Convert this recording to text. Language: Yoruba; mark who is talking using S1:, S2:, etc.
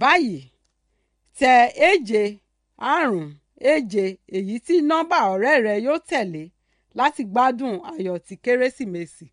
S1: báyìí tẹ eje àrún eje èyí tí nọ́mbà ọ̀rẹ́ rẹ yóò tẹ̀lé láti gbádùn ayọ̀ ti kérésìmesì.